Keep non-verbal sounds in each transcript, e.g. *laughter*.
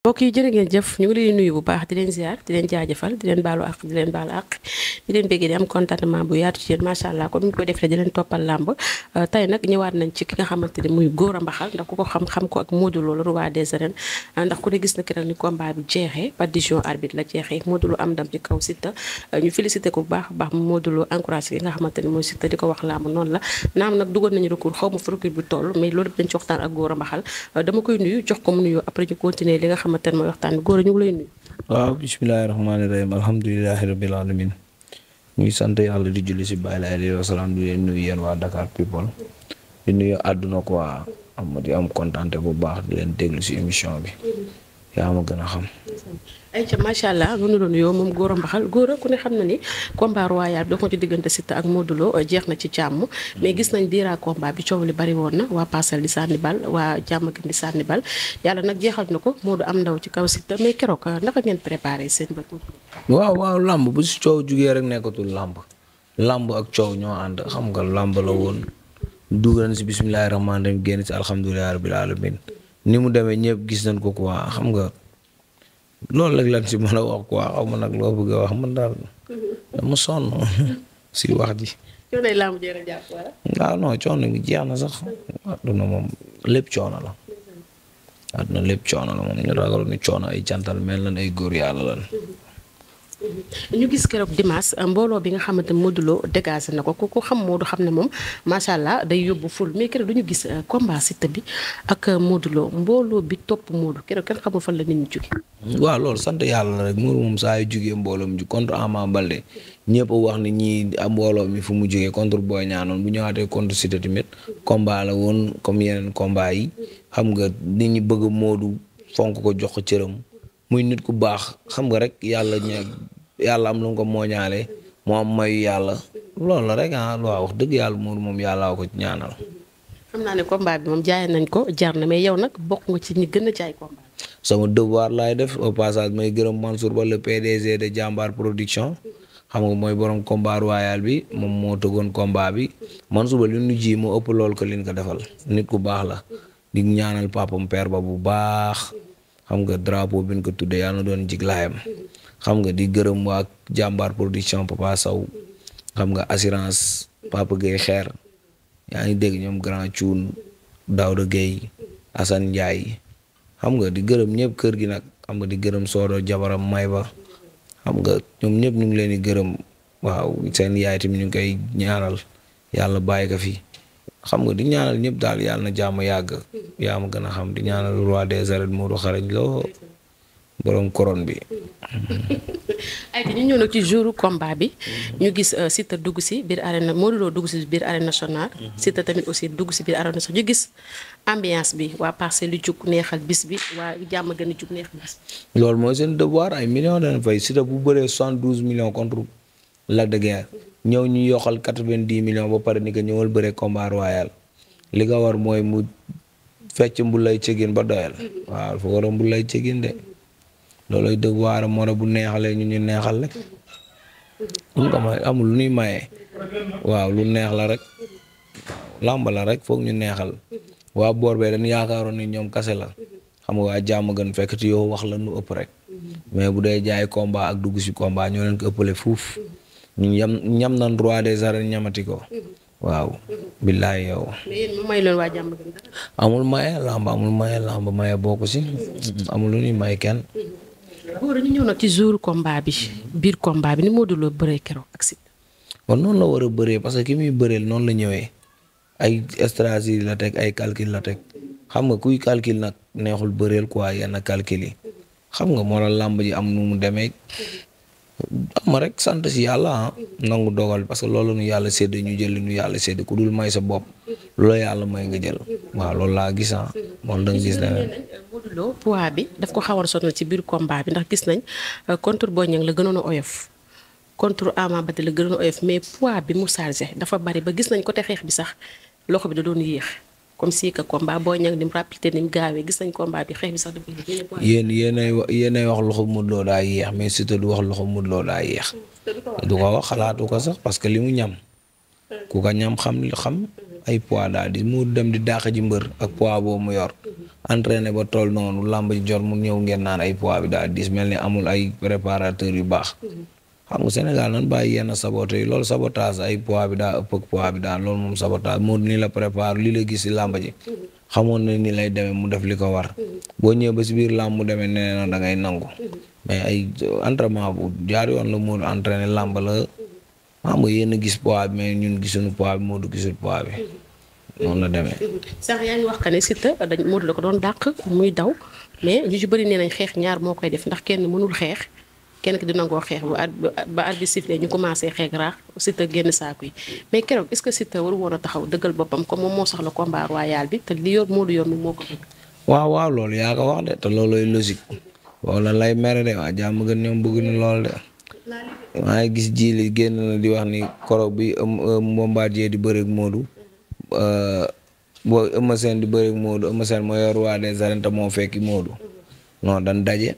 mbokk yi jërë ngeen jëf ñu ngi leen nuyu bu baax di leen ziar di leen jaajëfal di leen baalu ak di leen baalu di am contentement bu yaatu ci yéen macha allah comme leen toppal làmb euh, tey ki nga xamante ne muy Gora Mbaxal ndax ku ko xam-xam ko ak Modou Lo le euh, ndax ku gis na ki nag ni combat jeexee par décision arbitre la jeexee am ndam ci kaw Siteu euh, ñu félicité ko bu baax baax Modou Lo encouragé ki nga xamante ne mooy Siteu di ko wax làmb noonu la naam nag dugal nañu recours xaw ma fa recours bu toll mais loolu dañ ci ak Gora Mbaxal dama koy nuyu jox ko mu nuyu après ñu continuer li nga xamante ne mooy waxtaan bi góor ñu ngi lay waaw bisimilahi rahmaani rahim alhamdulilahi rabil alamin muy sant yàlla di julli si bàyyi laay alayhi wa salaam di leen nuyu yéen waa Dakar People di nuyu àdduna ko am di am kontaan bu baax di leen déglu si émission bi yaa ma gën a xam. ayca macha allah mënu doon yow moom Gora Mbaxal Gora ku ne xam na ni combat royal bi doxoon ci diggante Siteu ak Modou Lo euh, jeex na ci càmm mais gis nañ diira combat bi coow li bari woon na waa Parcelles di sànni bal waa jàmm gi di sànni bal yàlla nag jeexal na ko Modou am ndaw ci kaw Siteu mais keroog euh, naka ngeen préparé seen bët. waaw waaw làmb bu si coow jugee rek nekkatul làmb làmb ak coow ñoo ànd xam nga làmb la woon dugal na si bisimilah rahmaani rahiim génn si alhamdulilah rabil alamin ni mu demee ñëpp gis nañ ko waa xam nga. loolu rek lan si mën a wax quoi xaw ma nag loo bëgg a wax man daal dama sonn si *laughs* wax ji. Ah, coono yi laa mujjee coono bi jeex na sax adduna moom lépp coono la. adduna lépp coono la moom ñu ragaloon ni coono ay jantal mel na ay góor yàlla lan. ñu gis keroog Dimanche euh, mbooloo bi nga xamante Modou Lo dégagé na ko ku ko xam Modou xam ne moom macha allah day yóbbu ful mais keroog dañu gis euh, combat Siteu bi ak euh, Modou mbooloo bi topp Modou keroog kenn xamul fan la nit ñi waaw loolu sant yàlla na rek Modou moom saa jugee mbooloo mi ju contre Ama Baldé ñëpp wax ni ñii ah, mbooloo mi fu mu jógee contre Boy Niang noonu bu ñëwaatee contre Siteu tamit combat la woon comme yeneen kombaa yi xam nga nit ñi bëgg Modou fonk ko jox ko cëram. muy nit ku baax xam nga rek yàlla ña yàlla am lu ko mooñaale moo am mayu yàlla loolu la rek ah waaw wax dëgg yàlla muur moom yàllaa ko ñaanal. xam naa ne combat bi moom jaay nañ ko jaar na mais yow nag bokk nga ci ñi gën a jaay combat. sama devoir laay def au passage may gërëm Mansour Ba le PDG de jàmbaar production xam nga mooy borom combat royal bi moom moo tëggoon combat bi Mansour Ba lu nu ji moo ëpp lool ko liñ ko defal nit ku baax la di ñaanal papam père ba bu baax. xam nga drapeau bi ñu ko tuddee yàlla na doon jiglaayam xam nga di gërëm waa jàmbaar production Papa Sow xam nga assurance Papa Gueye xeer yaa ngi dégg ñoom grand Thioune Daouda Gueye Assane Ndiaye xam nga di gërëm ñëpp kër gi nag xam nga di gërëm Sodo jabaram may ba xam nga ñoom ñëpp ñu ngi leen di gërëm waaw seen yaay tamit ñu ngi koy ñaanal yàlla bàyyi ko fi. xam nga di ñaanal ñëpp daal yàlla na jàmm yàgg yaa ma gën a xam di ñaanal roi des arènes Modou Xarañ Lo borom couronne bi. ay *laughs* ñu ñëw nag ci jouru combat bi. Mhm. ñu gis euh, Siteu dugg si biir arène Modou Lo biir arène nationale. Mhm. Siteu tamit aussi dugg si biir arène nationale ñu gis ambiance bi waa Parcelles lu jug neexal bis bi waa jàmm gën a jug neexal bis bi. loolu mooy seen devoir ay million dañ fay Siteu bu bëree soixante contre Lac de ñëw ñu yokkal quatre-vingt-dix millions ba pare ni ko ñëwal bëre combat royal li ko war mooy mu fecc mbulay cëgin ba doyal waaw dafa war a mbulay cëgin de loolooy bu neexalee ñu ñu neexal amul lu ñuy waaw lu neex la rek làmb rek foog ñu neexal waa boor bee yaakaaroon ni ñoom kase la xam nga waa jàmm gën fekk ci yow wax la nu ëpp rek mais bu dee jaay combat ak dugg si combat ñoo leen ko ëppale fuuf ñam ñam nañ roi des ñamati ko. waaw. billaay yow. mais yéen may loolu waa jàmm amul maye làmb amul maye làmb maye bokku si. amul lu ñuy may kenn. góor ñu ñëw nag ci jour combat bi. biir combat bi ni Modou Lo bëree keroog ak Siteu. kon noonu la war a bëree parce que ki muy bëreel noonu la ñëwee. ay stratégie la teg ay calcul la teg. xam nga kuy calcul nag neexul bëreel quoi yenn calcul yi. xam nga moo la làmb ji am nu mu demee. am rek sant si yàlla ah mm-hmm. nangu dogal parce que loolu nu yàlla sédd ñu jël nu yàlla sedd ku dul may sa bopp mm-hmm. loola yàlla may nga jël mm-hmm. waaw loolu laa gis ah moom da gis ne euh, Modou bi daf ko xawar sonal ci biir combat bi ndax gis nañ euh, contre Boy Niang la gënoon a oyof contre Ama Baldé la gënoon a oyof mais poids bi mu chargé dafa bari ba gis nañ côté xeex bi sax loxo bi da doon yéex comme si que combat boo ñëw ni mu rapidité ni gaawee gis nañ combat bi xeex bi sax dafa yéen yéenay wax yéenay wax loxo Modou Lo daa yéex mais du wax loxo Modou Lo daa yéex. du ko xalaatu ko sax parce que li mu ñam. Hmm. ku ñam xam li xam. ay poids daal di mu dem di dàq ji mbër ak pois boobu mu yor. Hmm. entraîné ba tool noonu làmb ji jor mu ñëw ngeen naan ay pois bi daal diis mel ni amul ay préparateur yu baax. Hmm. xam nga Sénégal nan bàyyi yenn sabote yi loolu sabotage ay poids bi daa ëpp ak bi daal loolu moom sabotage moo ni la prépare li la gis si làmb ji xamoon na ni lay demee mu def li ko war boo ñëwee ba si biir làmb mu demee nee na da ngay nangu mais ay entraînement bu jaar yoon la moo entraîné làmb la xam nga yéen gis pois bi mais ñun gisuñu poids bi moo du gisul poids bi noonu la demee. sax yaa ngi wax que ne Siteu dañ Modou la doon dàq muy daw mais ñu ci bëri nee nañ xeex ñaar moo koy def ndax kenn mënul xeex. kenn ki di nangoo xeex bu at ba at bi ñu commencé xeex raax Siteu génn saako yi mais keroog est ce que Siteu waru woon a taxaw dëggal boppam comme moom moo soxla combat royal bi te li yor moo ko bëgg. waaw waaw loolu yaa ko wax de te loolooy logique wala gis jiili génn na di wax ni koro bi Bombardier di bëreeg Modou euh, boo di bëreeg moo yor roi des moo fekki Modou daje.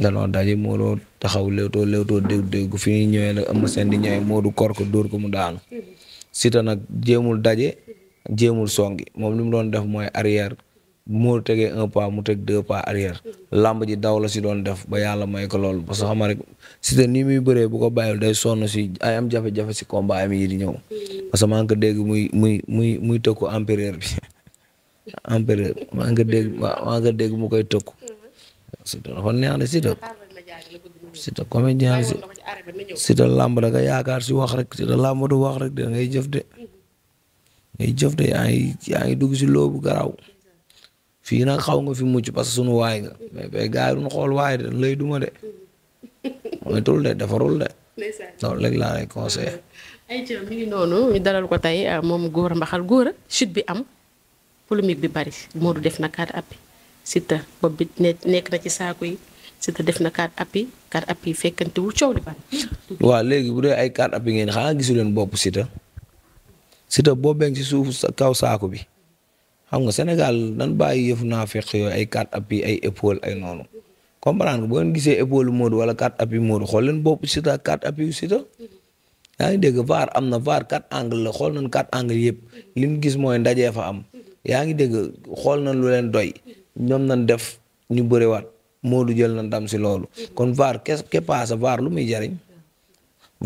dañoo daje Modou taxaw léewtoo léewtoo dégg dégg fi ñuy ñëwee nag am seen di ñëwee Modou ko dóor ko mu daanu Siteu nag jéemul daje jéemul songi moom li mu doon def mooy arrière Modou tegee un pas mu teg deux pas arrière làmb ji daw la si doon def ba yàlla may ko loolu parce que xam rek Siteu ni muy bëree bu ko bàyyil day sonn si ay am si combat am di ñëw parce que maa ngi ko dégg muy muy muy muy tëkku empereur bi *laughs* empereur maa ngi ko dégg mu koy tëkku Siteu dafa neex de Siteu Siteu comédien Siteu làmb da nga yaakaar si wax rek Siteu làmb du wax rek da ngay jëf de ngay jëf de yaa ngi dugg si loobu garaaw fii nag xaw nga fi mucc parce que sunu waay nga mais mais gars yi xool waay de dañ lay duma de mooy tul de defarul de loolu léegi laa lay conseillé. ay ngi noonu ñu dalal ko tey moom góor mbaxal góor chute bi am polémique bi bari Modou def na carte appui Siteu bopp bi nekk na ci saako yi Siteu def na quatre appuis quatre appuis fekkante wu coow waaw léegi bu dee ay quatre appuis ngeen xanaa gisu leen bopp Siteu Siteu bopp beng ci suufu kaw saako bi xam nga Sénégal nan bàyyi yëfu naa fekk yooyu ay quatre appuis ay épaule ay noonu comprendre nga boo leen gisee épaule Modou wala quatre appuis Modou xool leen bopp Siteu ak quatre appuis Siteu yaa ngi dégg VAR am na VAR quatre angle la xool nañ quatre angle yëpp li ñu gis mooy ndajee fa am yaa ngi dégg xool nañ lu leen doy ñoom nañ def ñu bëriwaat Modou jël na ndam si loolu mm-hmm. kon VAR qu'est-ce qui passe lu muy jariñ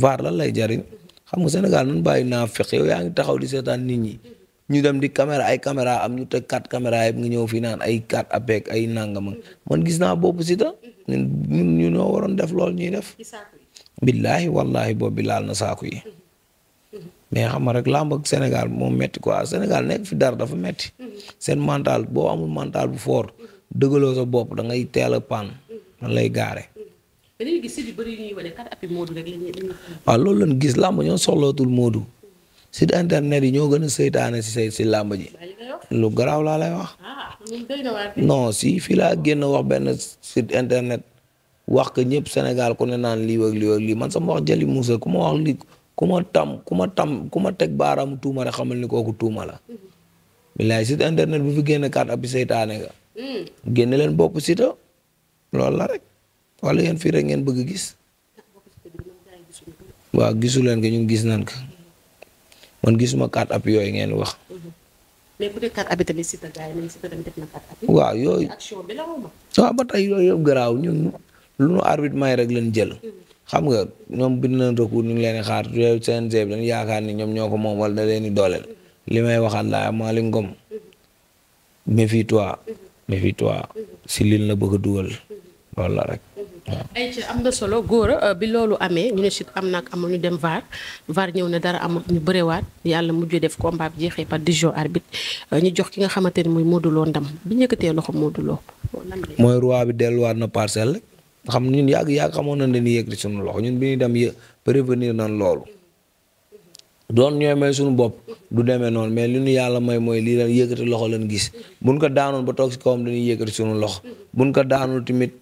VAR la lay jariñ mm-hmm. xam nga Sénégal nun bàyyi naa fex yaa ngi taxaw di seetaan nit ñi mm-hmm. ñu dem di caméra ay caméra am ñu teg quatre caméra yëpp nga ñëw fii naan ay quatre apec ay nangam man gis naa bopp si ta ñu noo waroon def loolu ñuy def billaahi wallaahi boobu bi laal na saaku yi mais xam nga rek làmb senegal Sénégal moo metti quoi Sénégal nekk fi dara dafa metti mhm. seen mental boo amul mental bu foor mhm. dëggaloo sa bopp da ngay teel a paan mhm. man lay gaare. dañuy gis yu loolu lañ gis làmb ñoo soxlootul Modou site internet yi ñoo gën a seytaane si say si làmb ji. lu garaaw laa lay wax. Ah, non si fii laa oh. génn wax benn site internet wax ko ñépp senegal ku ne naan lii ak lii ak lii man sama wax jëli Moussa ku ma wax lii ku ma tam ku ma tam ku ma teg baaraamu tuuma rek xamal ni kooku tuuma la. bilaay site internet bu fi génn carte ab seytaane nga. Hmm. génne leen bopp site loolu la rek wala yéen fii rek ngeen bëgg gis. waaw gisu leen ñu ñun gis nañ ko man gisuma carte ab yooyu ngeen wax. Hmm. mais waaw yooyu action bi ba tey yooyu yëpp garaaw ñun lu nu arbitre may rek leen jël. Hmm. xam nga ñoom bind nañ recours ñu ngi leen di xaar réew CNG yaakaar ni ñoom ñoo ko moom wala da leen di dooleel li may waxaat laa Malick Ngom méfie-toi méfie la bëgg a dugal la rek. ay am na solo góor euh, bi loolu amee ñu ne si am naag amul ñu dem VAR VAR ñëw ne dara amul ñu bërewaat yàlla mujj def combat bi jeexee par décision arbitre euh, ñu jox ki nga xamante ni mooy Modou Lo ndam bi ñu yëkkatee loxo Modou Lo. mooy roi bi delluwaat na parcelle xam ñun yàgg yàgg xamoon na dañuy yëg di suñu loxo ñun bi ñuy dem yë prévenir na loolu doon ñooy may suñu bopp du demee noonu mais lu ñu yàlla may mooy lii la yëkkati loxo lañ gis buñ ko daanoon ba toog si kawam dañuy yëkkati suñu loxo buñ ko daanul tamit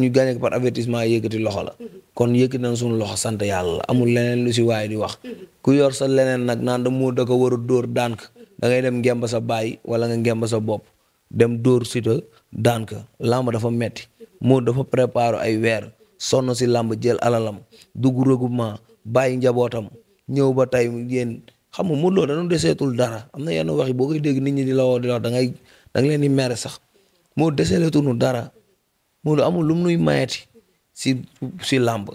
ñu gagné par avertissement yëkkati loxo la kon yëkkati nañ suñu loxo sant yàlla la amul leneen lu si waaye di wax ku yor sa leneen nag naan da mu da ko war dóor daan ka da ngay dem ngemb sa baay wala nga ngemb sa bopp dem dóor sita daan ka làmb dafa metti moo dafa préparé ay weer sonn si làmb jël alalam dugg regroupement bàyyi njabootam ñëw ba tey yéen xam nga Modou Lo deseetul dara am na yenn wax yi boo koy dégg nit ñi di la woo wax da ngay da leen di mere sax moo deseetul nu dara Modou amul lu mu nuy mayeti si si làmb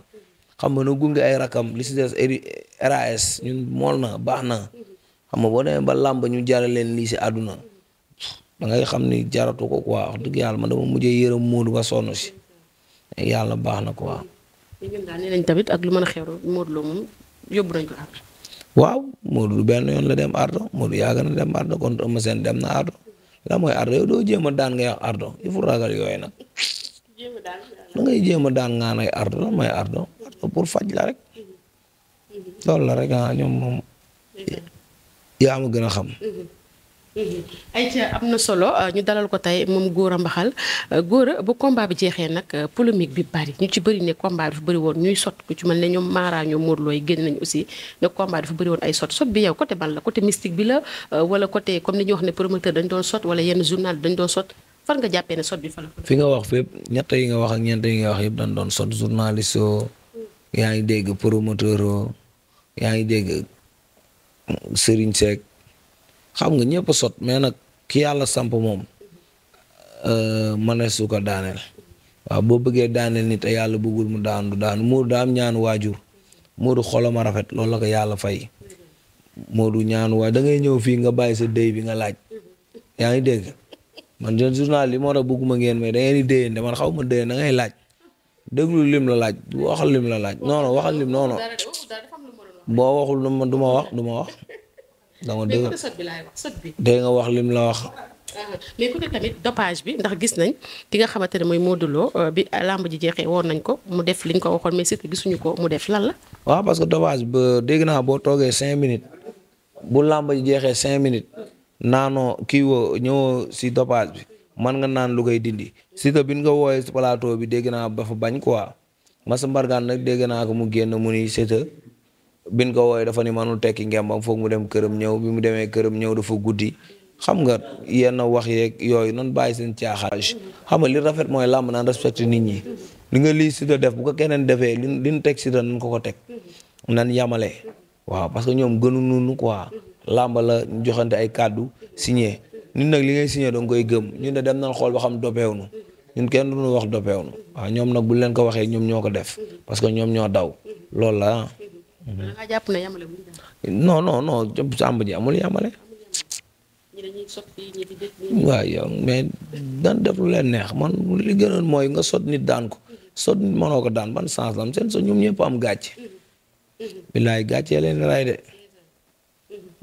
xam nga nu gunge ay rakam li si des RAS ñun mool na baax na xam nga boo demee ba làmb ñu jaral leen lii si àdduna da xam ni jaratu ko quoi wax dëgg yàlla man dama mujjee yërëm Modou ba sonn si yàlla baax na quoi. tamit ak lu mën a xew Modou Lo moom yóbbu nañ ko ardo. waaw Modou benn yoon la dem ardo Modou yàgg na dem ardo kon dem na ardo la doo jéem daan ngay wax ardo il yooyu nag. da ngay jéem a daan ngaan ay ardo la mooy ardo ardo pour faj la rek mhm. Mhm. loolu la rek ah ñoom moom yaa ma gën a xam. Mhm. ayca am na solo euh, ñu dalal ko tey moom Gora Mbaxal euh, Gora bu combat bi jeexee nag euh, polémique bi bari ñu ci bëri ne combat bi dafa bëri woon ñuy sot ku ci mel ne ñoom Mara ñoom Modou Lo yi génn nañu aussi ne combat dafa bëri woon ay sot sot bi yow côté ban la côté mystique bi la wala côté comme ni ñuy wax ne promoteur dañ doon sot wala yenn journal dañ doon sot fan nga jàppee ne sot bi fa la. fi nga wax fépp ñett yi nga wax ak dañ doon sot journaliste yaa ngi dégg promoteur yaa ngi dégg Serigne Seck. xam nga ñëpp sot mais nag ki yàlla samp moom mënees su ko daaneel waaw boo bëggee daaneel nit te yàlla bëggul mu daanu daanu Modou daam ñaan waajur Modou xolam a rafet lool la ko yàlla fay Modou ñaan waay da ngay ñëw fii nga bàyyi sa déy bi nga laaj yaa ngi dégg man jeune journal yi moo tax bëgguma ngeen mais da ngeen di déyante man xaw ma déyante da ngay laaj déglu lim la laaj waxal lim la laaj non wax waxal lim non boo waxul du ma wax du ma wax. dama dégg mais sot bi dégg nga wax lim la wax. Euh, mais côté bi ndax gis nañ ki nga xamante ne mooy Modou euh, bi làmb ji jeexee woon nañ ko mu def liñ ko waxoon mais surtout gisuñu ko mu def lan la. waaw parce que dopage ba dégg naa boo toogee cinq minutes bu làmb ji jeexee cinq minutes naanoo kii woo ñëwoo si dopage bi man nga naan lu koy dindi surtout bi ñu ko wooyee si plateau bi dégg naa ba fa bañ quoi Massa Mbargane nag dégg naa ko mu génn mu ni bin ko wooye dafa ni manul tekki ngembam foog mu dem këram ñëw bi mu demee këram ñëw dafa guddi xam nga yenn wax yeeg yooyu noonu bàyyi seen caaxaan xam nga li rafet mooy làmb naan respecté nit ñi li nga lii Siteu def bu ko keneen defee li li ñu teg Siteu nañ ko ko teg nan yamale waaw parce que ñoom gënu nunu quoi làmb la joxante ay kàddu signé ñun nag li ngay signé danga koy gëm ñu ne dem nañ xool ba xam dopeewunu ñun kenn duñu wax dopeewunu waaw ñoom nag bu leen ko waxee ñoom ñoo ko def parce que ñoom ñoo daw loolu la ah. Mhm. da ngaa jàpp ne yamale wuñ non non non sàmb ji amul yamale. mais daan def lu leen neex man li gënoon mooy nga sot nit daan ko sot mënoo ko daan ban sens la am seen so ñoom ñëpp am gàcce. Mhm. Mhm. billaay gàccee leen ray de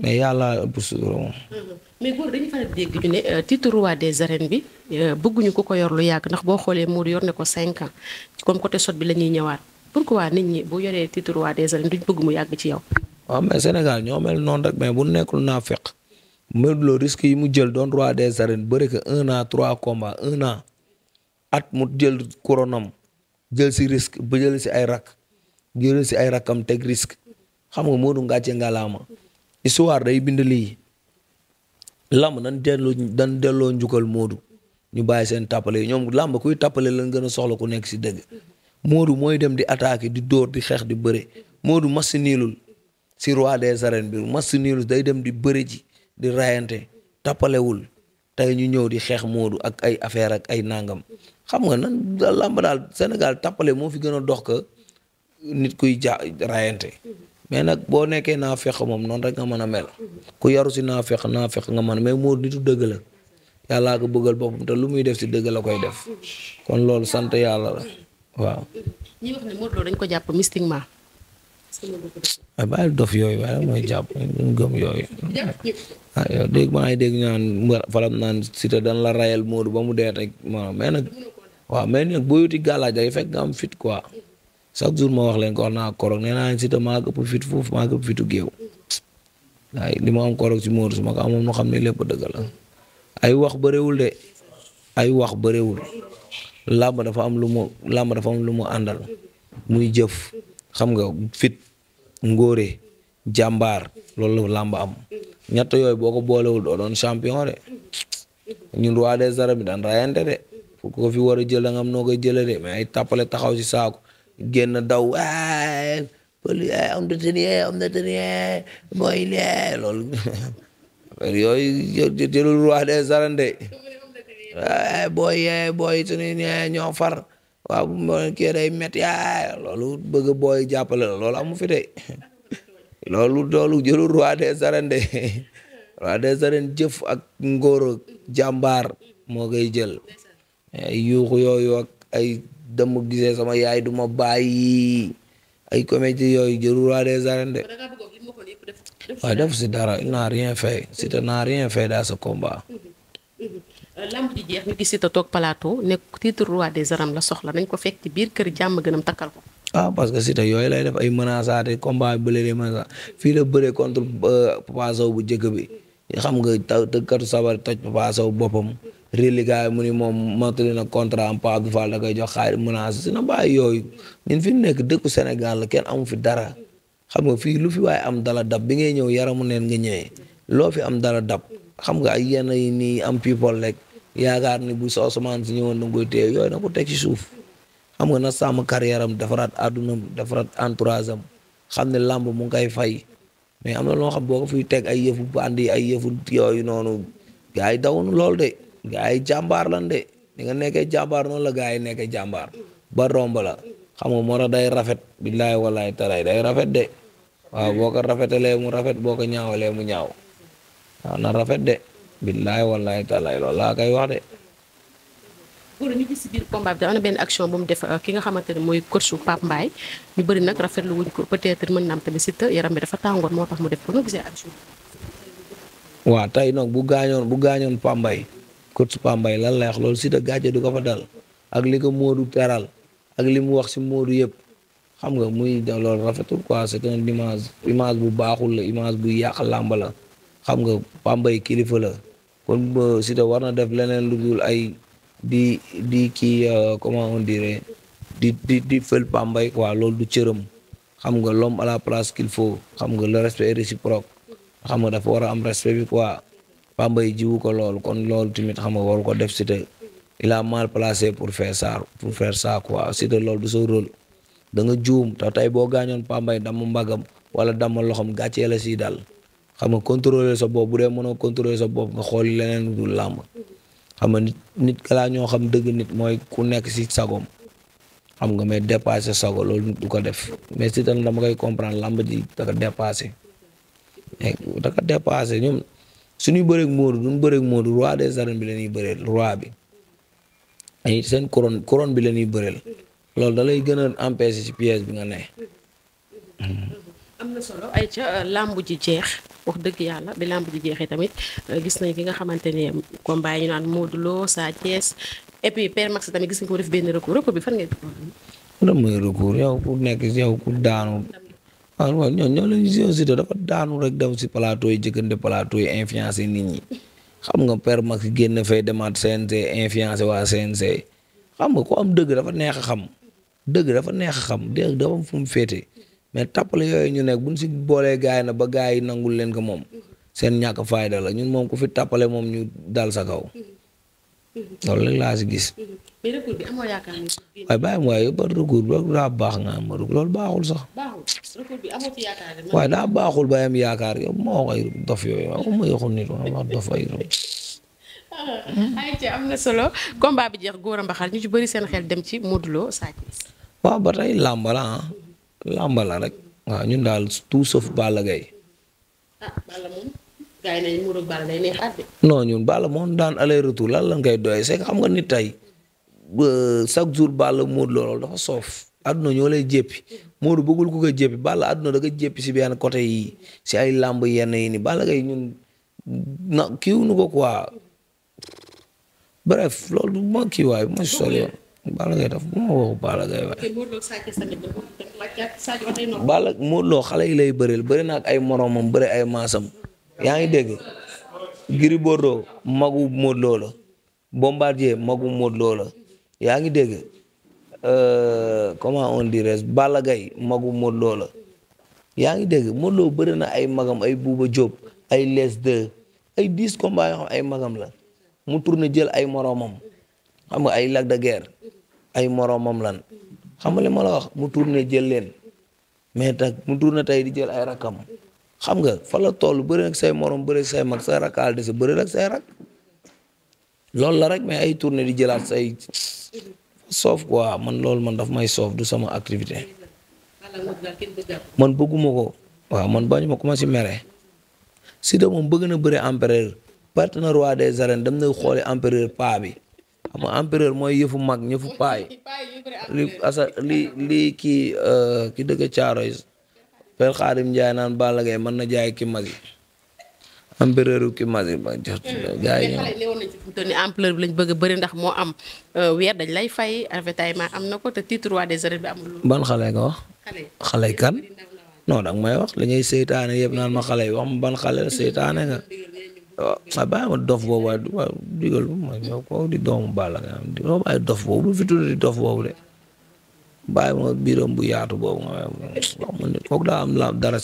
mais yàlla ëpp sutura moom. mais góor dañu faral di dégg ñu ne euh, titre roi des arènes bi euh, bëgguñu ko ko yor lu yàgg ndax boo xoolee Modou yor ne ko 5 ans comme côté sot bi la ñuy ñëwaat. pourquoi nit ñi bu yoree titre roi des arènes duñ bëgg mu yàgg ci yow. waaw mais Sénégal ñoo mel noonu bu nekkul naa fekk Modou Lo risque yi mu jël doon roi des arènes bëri que un trois combats un an at mu jël couronam jël si risque ba si ay rak jël si ay rakam teg risque xam nga Modou ngàcce ngalaama histoire day bind lii lamb nan delloo nan delloo njukkal Modou ñu bàyyi seen tàppale yi ñoom lamb kuy tàppale lan gën a soxla ku nekk si dëgg. Modou mooy dem di attaquer di dóor di xeex di bëre Modou mas niilul si roi des arènes bi mas niilul day dem di bëre ji di rayante tappalewul te ñu ñëw di xeex Modou ak ay affaire ak ay nangam xam nga nan daal Sénégal tappale moo fi gën a dox ka nit kuy ja rayante mais nag boo nekkee naa fex moom noonu rek nga mën a mel ku yaru si naa fex naa fex nga mën mais Modou du dëgg la yàllaa ko bëggal boppam te lu muy def si dëgg la koy def kon loolu sant yàlla la waaw. ñi wax ne dañ ko jàpp mystiquement. Ah, baal dof yooyu waaye mooy jàpp duñ gëm yooyu. ah dégg maa ngi dégg ñu naan mbër faram naan Siteu dañ la rayal Modou ba mu dee rek maanaam mais nag waaw mais nag boo yuti gàllaaj day fekk nga am fit quoi chaque jour ma wax leen ko wax naa korog nee naa Siteu maa ngi fit foofu maa ngi ëpp fitu géew. waaye li ma am korog ci Modou su ma ko amoon xam ne lépp dëgga la ay wax bëriwul de ay wax bëriwul. làmb dafa am lu mu làmb dafa lu mu àndal muy jëf xam nga fit ngóore jàmbaar loolu la làmb am ñett yooyu boo ko boolewul doo doon champion de ñun roi des arènes daan de pour fi war a jël da am noo koy jëlee de mais ay tàppale taxaw ci saako génn daw ay pël am na tëni *laughs* de Eh, booy yee eh, booy suñu ñee ñoo far waaw kii day métti eh, loolu bëgg booy jàppale la loolu amu fi de *laughs* loolu jëlu roi des arènes de *laughs* jëf ak ngóoro jàmbaar moo koy jël ay yuuxu yooyu ay dama gisee sama yaay du ma bàyyi ay comédie yooyu jëlu roi des arènes de waaye def si dara il n'a rien fait si te n'a rien fait dans combat lamb ji jeex ñu gis si toog plateau nekk titre roi des arènes la soxla nañ ko fekk ci biir kër jàmm gënam takkal ko. ah parce que Siteu yooyu lay def ay menaçaate combat bi bële lay menace fii la bëree contre euh, Papa bu jëkk bi xam nga taw tëggkatu sabar toj Papa boppam reliquat mu ni moom matali na contrat am Pape Fall da koy jox xaalis menace si na bàyyi yooyu ñun fi nekk dëkku senegal la kenn amu fi dara xam nga fii lu fi waaye am dala da bi ngay ñëw yaramu neen nga ñëwee loo fi am dala dab. xam nga ay yenn yi nii am people rek yaakaar ni bu soo Ousmane si ñëwoon da nga koy ko teg ci suuf xam nga na sàmm carrière am defaraat àddunam defaraat entourage xam ne làmb mu kay fay mais am na loo boo ko teg ay yëfu bandi ay yëfu yooyu noonu gars yi dawunu lool de gars yi jàmbaar lan de ni nga nekkee jàmbaar noonu la gars yi nekkee jàmbaar ba romb la xam nga moo tax day rafet billaay walaay taray day rafet de waaw boo ko rafetalee mu rafet boo ko ñaawalee mu ñaaw waa ah, na rafet de billaay wallaay taalaay loolu laa koy wax de. pour ñu gis na benn action bu mu def ah, ki nga xamante ne mooy coach su Pape ñu bëri nag rafetlu wuñ ko peut-être mën na am tamit Siteu yaram bi dafa tax mu def ko nga gisee action bi. tey nag bu gaañoon bu gaañoon Pape Mbaye coach su Pape Mbaye lan lay wax loolu Siteu gàcce du ko fa dal ak li ko Modou teral ak li mu wax si Modou yëpp xam nga muy loolu rafetul quoi c'est une image bu baaxul la image bu yàq làmb la. xam nga Pambay kilifa la kon Siteu war na def leneen lu dul ay di di kii euh, comment on dirait di di di fël Pambay quoi lool du cëram xam nga l'homme à la place qu'il faut xam nga le respect réciproque xam nga dafa war a am respect bi quoi Pambay jiwu ko lool kon loolu tamit xam nga waru ko def Siteu il mal placé pour faire ça pour faire ça quoi Siteu loolu du sa rôle da nga juum te tey boo gaañoon Pambay dama mbagam wala dama loxam gàccee la si dal xam nga contrôler sa bopp bu dee mënoo contrôler sa boobu nga xool leneen du làmb xam nga nit nit kalaa ñoo xam dëgg nit mooy ku nekk si sagoom xam nga mais dépassé sago loolu du ko def mais si tam dama koy comprendre làmb ji da ko dépassé da ko dépassé ñoom suñuy bëreeg Modou duñ bëreeg Modou roi des bi la ñuy bëreel roi bi ay seen couronne couronne bi la ñuy bëreel loolu da lay gën a empêcher ci pièce bi nga ne hmm. am na solo ay ca euh, làmb ji jeex wax dëgg yàlla bi làmb ji jeexee tamit euh, gis nañ ki nga xamante ne combat yi ñu naan Modou Lo Sa Thiès et puis Père tamit gis nga ko def benn recours recours bi fan ngeen ko. lan mooy recours yow ku nekk yow ku daanu. waaw waaw ñoo ñoo leen si aussi dafa daanu rek dem si plateau yi jëkkante plateau yi influencé nit ñi xam nga Père Max génn fay demaat CNG influencé waa CNG xam nga ku am dëgg dafa neex a xam dëgg dafa neex a xam dëgg dafa am mu féete. mais tappale yooyu ñu nekk buñ si boolee gaay na ba gars yi nangul leen ko moom seen ñàkk fayda la ñun moom ku fi tappale moom ñu dal sa kaw loolu rek laa si gis. waaye ba recours ba daa baax nga am recours baaxul sax. baaxul recours yaakaar ne. waaye daa baaxul ba am yaakaar yow ma wax ay dof yooyu waaw ma yoxul nit wax dof ay. ayca *laughs* am na solo combat bi jeex Gora Mbaxal ñu ci bëri seen xel dem ci Modou Lo Sa Thiès. ba tey làmb la ah. làmba la rek waaw ñun daal tout sauf Balla Gaye. ah ñun Balla moom daan aller retour lan la kay doy c'est xam nga nit tey chaque jour Balla Modou loolu dafa soof. àdduna ñoo lay jéppi Modou bëggul ku ko jéppi Balla àdduna da jéppi si benn côté yi si ay làmb yenn yi ni Balla Gaye ñun na kiiw nu ko quoi bref loolu ma kii waay bu ma si sori Balla Gaye daf xale yi lay bëreel bëri na ak ay moroomam bëri ay maasam yaa ngi dégg. Gris Bordeaux magu Modou Lo la Bombardier magu Modou Lo la yaa ngi dégg euh, comment on dirait Balla magu Modou yaa ngi dégg Modou Lo bëri na ay magam ay Bouba Diop ay les deux ay dix combats yoo ay magam la mu tourné jël ay moroomam xam nga ay Lac de Guerre. ay moroomam lan xam nga li ma la wax mu tourné jël leen mais tax mu tourné tey di jël ay rakam xam nga fa la toll bëri ak say morom bëri say mag sa rakaal bëri ak say rak loolu la rek mais ay tourné di jëlaat say soof quoi man loolu man daf may soof du sama activité man bëgguma ko waaw man bañu ma si mere si de moom bëgg na bëri empereur partenaire waa des arènes dem na xooli empereur paa bi xam nga mooy yëfu mag ñëfu paay *laughs* li asa kii ki euh, dëgg Caaroy mën na jaay ki mag yi yi ba jot mm. lañ bëgg bëri ndax moo am euh, weer dañ lay fay avitaillement am na ko te titre bi amul ban xale nga wax xale kan non danga may wax lañuy ngay seytaane yëpp naan ma xale yi wax ma ban xale la seytaane nga waaw waaw bàyyi ma dof boobu waaye waaw digal ma ñëw ko di doomu Balla nga xam soo bàyyi dof boobu bu fi tudd di dof boobu de bàyyi ma biiram bu yaatu boobu nga xam ne kooku daa am làmb dara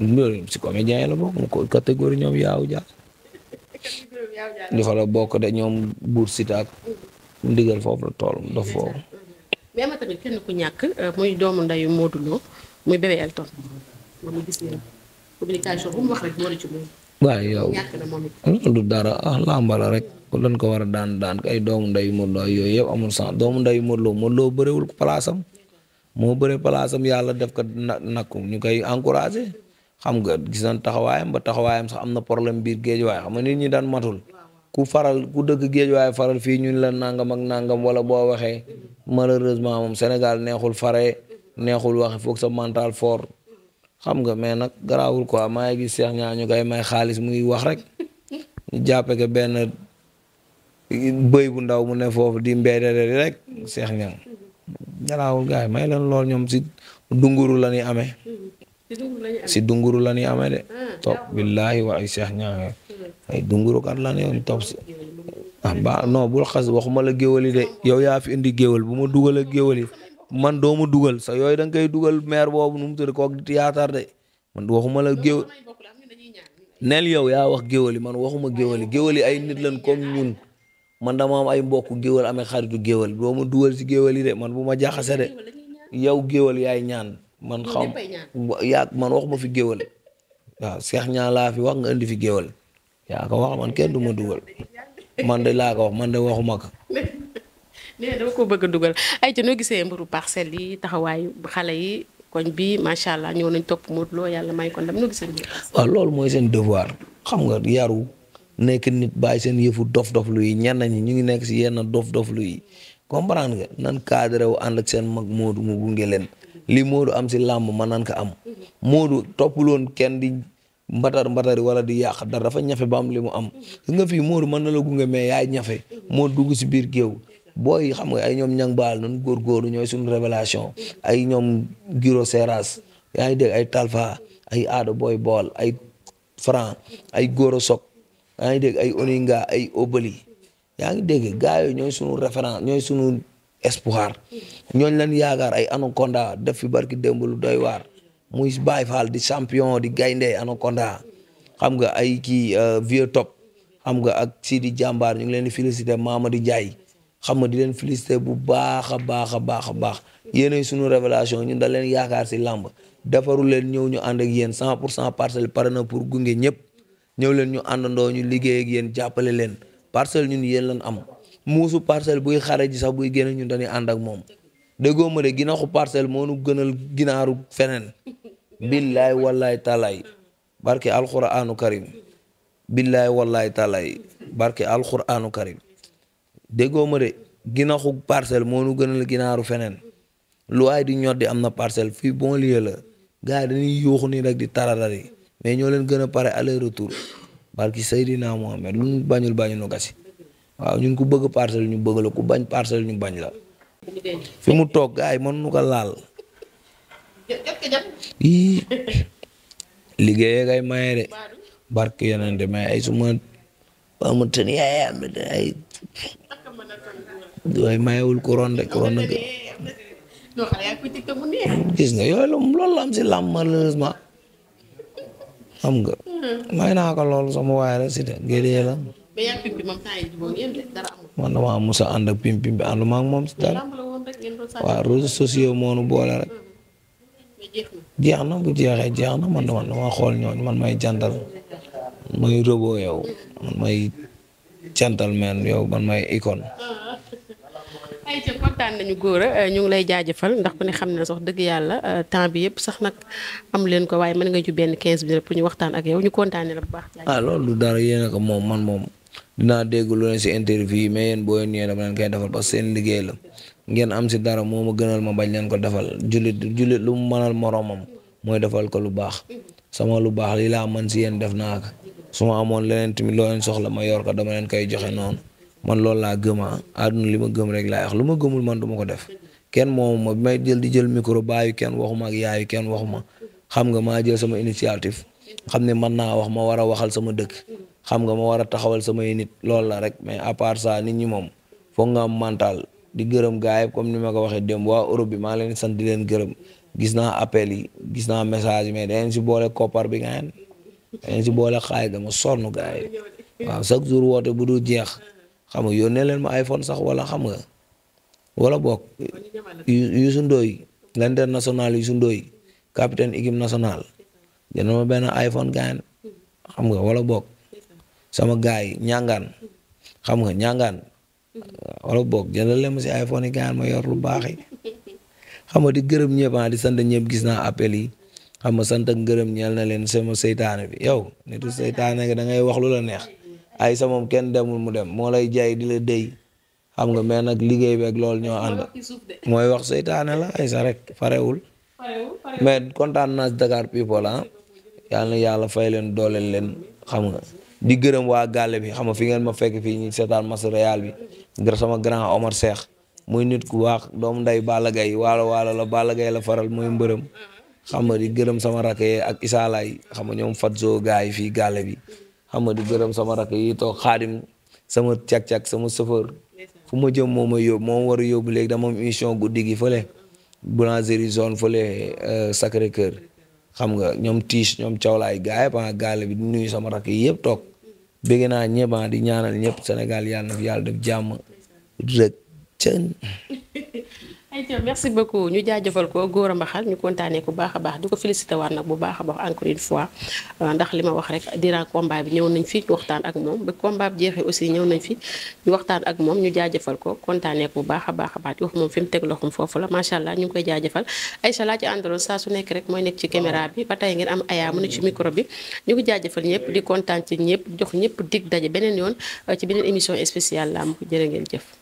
mu bàyyi doo ko catégorie ñoom yaaw ja dafa la bokk de ñoom buur sitaak mu digal foofu la tool dof boobu mais am na tamit euh, muy doomu ndayu Modou Lo muy bébé Elton moom mu gis leen yow du dara ah rek lan ko war a daan daan ay doomu ndayu Modou Lo yooyu amul sens doomu ndayu yu Lo Modou Lo palaasam place am moo bëri place yàlla def ko na nakku ñu koy encouragé xam nga gis nañ taxawaayam ba taxawaayam sax am na problème biir géej waaye xam nit ñi daan matul. ku faral ku dëkk géej waaye faral fii ñun la nangam ak nangam wala boo waxee malheureusement moom Sénégal neexul fare neexul waxe foog sa mental foor xam nga mais nag garaawul ko maa ngi gis Cheikh Niang ñu koy may xaalis muy wax rek ñu benn bëy bu ndaw mu ne foofu di mbéydadari rek Cheikh Niang garaawul gars yi may leen lool ñoom si dunguru la ñuy ame si dunguru la ñuy ame de ah, toog billaahi wa ay Cheikh ay dunguru kat lan yow ñu topp si ah ba non bul la géwal yi de yow yaa fi indi géwal bu ma dugal a géwal yi man doo ma dugal sa yooyu da nga koy dugal maire boobu nu mu tudd kook de man waxuma la géwal neel yow yaa wax géwal yi man waxuma géwal yi géwal yi ay nit lañ comme ñun man dama am ay mbokk géwal amee xaritu géwal doo ma dugal si géwal yi de man bu ma jaxase de yow géwal yaay ñaan man xam yaa man waxuma fi géwal waaw ñaan laa fi wax indi fi géwal yaa ko wax man kenn du ma dugal man de laa ko wax waxuma ko. *laughs* nee dama ko bëgg a dugal ay ca noo gisee mbiru parcelles yi taxawaayu xale yi koñ bi macha allah ñëw nañ topp Modou Lo yàlla may ko ndam noo gisee. waaw loolu mooy seen devoir xam nga yaru nekk nit bàyyi seen yëfu dof-dof lu yi ñenn ñi ñu ngi nekk si yenn dof-dof lu yi comprendre nga nan cadré wu ak seen mag Modou mu gunge leen li Modou am si làmb man nan ko am mm-hmm. Modou toppuloon kenn di. mbatar mbatari wala di yàq dara dafa ñafe ba am li mu am gis nga fii Modou mën na la gunge mais yaay ñafe moo dugg si biir géew booy xam nga ay ñoom ñang baal noonu góorgóorlu ñooy suñu révélation ay ñoom Giro Seras yaa ngi dégg ay Talfa ay Aado booy Bool ay Franc ay Goro Sok yaa ngi dégg ay Oninga ay Obali yaa ngi dégg gars ñooy sunu référence ñooy suñu espoir ñooñ lan yaakaar ay Anaconda def fi barki démb lu doy waar muy Baye Fall di champion di gaynde Anaconda xam nga ay kii euh, vieux top xam nga ak sii di Jàmbaar ñu ngi leen di félicité di Ndiaye xam nga di leen félicité bu baax a baax a baax a baax yéenay sunu révélation ñun da leen yaakaar si làmb defaru leen ñëw ñu ànd ak yéen cent pour cent parcelle pare na pour gunge ñëpp ñëw leen ñu àndandoo ñu liggéey ak yéen jàppale leen parcelle ñun yéen lan am muusu parcelle buy xare ji sax buy génn ñun dañuy ànd ak moom déggoo ma de ginaaxu parcelle moo nu gënal ginaaru feneen billaay wallaay barki barke alquranu karim billaay wallaay taalaay barke alquranu karim déggoo ma de ginaxu parcelle moo nu gënal ginaaru feneen lu waay di ñoddi am na parcelle fii bon lieu la gars yi dañuy yuuxu nii rek di tararari mais ñoo leen gën a pare aller retour barki Seydina Mohamed lu ñu bañul bañu nu gasi waaw ñun ku bëgg parcelle ñu bëgg la ku bañ parcelle ñu bañ la fi mu toog gars yi nu ko laal ii *laughs* liggéey kay maye de barke yonente mais ay suma ba mu tën yaay am de ay waaye mayewul couronne de couronne de gis nga yooyu la am si làmb naa ko loolu sama waay la si de ngédee la man dama musa ànd ak pim pim bi ànduma ak moom si sociaux moo nu boole rek jeex na bu jeexee jeex na man man dama xool ñooñu man may jantal may robo yow man may gentleman yow man may icône. ay ca kontaan nañu euh, ñu ngi lay jaajëfal ndax ku ni xam ne sax dëgg yàlla euh, temps bi yëpp sax nag am leen ko waaye man nga ju benn 15 minutes pour ñu waxtaan ak yow ñu kontaanee la bu baax. ah loolu dara yéen a ko moom man moom dinaa dégg lu ne si interview yi mais yéen boo yéen yéen a ma leen koy defal parce seen liggéey la ngeen am si dara moo ma gënal ma bañ leen ko defal jullit jullit lu mu mënal moroomam mooy defal ko lu baax sama lu baax li laa man si yéen def naa ko su ma amoon leneen tamit loo leen soxla ma yor ko dama leen koy joxe noonu man loolu laa gëma ah. àdduna li ma gëm rek laa wax lu ma gëmul man du ma ko def kenn moomu ma bi may jël di jël micro baayu kenn waxuma ak yaayu kenn waxuma xam nga maa jël sama initiative xam ne mën naa wax ma war a waxal sama dëkk xam nga ma war a taxawal samay nit loolu la rek mais à part ça nit ñi moom foog nga am di gërëm gaa yëpp comme ni ma ko waxee démb waa Europe bi maa leen sant di leen gërëm gis naa appel yi gis naa message yi mais dangeen si boole koppar bi nga xam dangeen si boole xaalis dama sonn gaa waaw chaque jour woote bu dul jeex xam nga yónnee leen ma iPhone sax wala xam nga wala boog Youssou Ndoye l'international Youssou Ndoye capitaine équipe nationale benn iPhone gaa xam nga wala boog sama gaa yi ñàngaan xam nga ñàngaan wala mm-hmm. boog jëlal leen si iPhone yi gaan ma yor lu baax yi xam nga di gërëm ñëpp ah, di sant ñëpp gis naa appel yi xam nga sant ak gërëm ñeel na leen sama seytaane bi yow nitu seytaane da ngay wax lu la neex ay sa moom kenn demul mu dem moo lay jaay di la déy xam nga mais nag liggéey beeg loolu ñoo ànd mooy wax seytaane la ay sa rek farewul mais kontaan naa Dakar people ah yàlla na yàlla fay leen dooleel leen xam nga. di gërëm waa gàlle bi xam nga fi ngeen ma fekk fii ñu seetaan match Real bi sama grand Omar Cheikh muy nit ku waax doomu nday Balla Gaye waalo waalo la Balla Gaye la faral mooy mbërëm xam nga di gërëm sama rakk yi ak Issa Laye xam nga ñoom fat gars yi fii gàlle bi xam nga di gërëm sama rakk yi toog xaadim sama càq sama chauffeur fu ma jëm moo ma yóbbu moo war a yóbbu léegi dama am guddi gi fële boulangerie zone fële euh, Sacré Cœur xam nga ñoom tiis ñoom cawlaay gaay ba gaale bi di nuyu sama rakk yi yëpp toog bëgg naa ñëpp ah di ñaanal ñëpp senegal yàlla na fi yàlla def jàmm rek cën ayca merci beaucoup ñu jaajëfal ko Gora Mbaxal ñu kontaanee ku baax a baax di ko félicité waat nag bu baax a baax encore une fois euh, ndax li ma wax rek durant combat bi ñëw nañ fi ñu ak moom ba combat bi aussi ñëw nañ fi ñu waxtaan ak moom ñu jaajëfal ko kontaanee ko bu baax a baax a baax di wax moom fi mu teg loxoom foofu la macha allah ñu ngi koy jaajëfal ayca laa ci àndaloon saa su nekk rek mooy nekk ci caméra bi ba tey ngeen am ayaa mu ne ci micro bi ñu ngi jafal ñëpp di kontaan ci ñëpp jox ñëpp dig daje beneen yoon euh, ci beneen émission spéciale la am ngeen jëf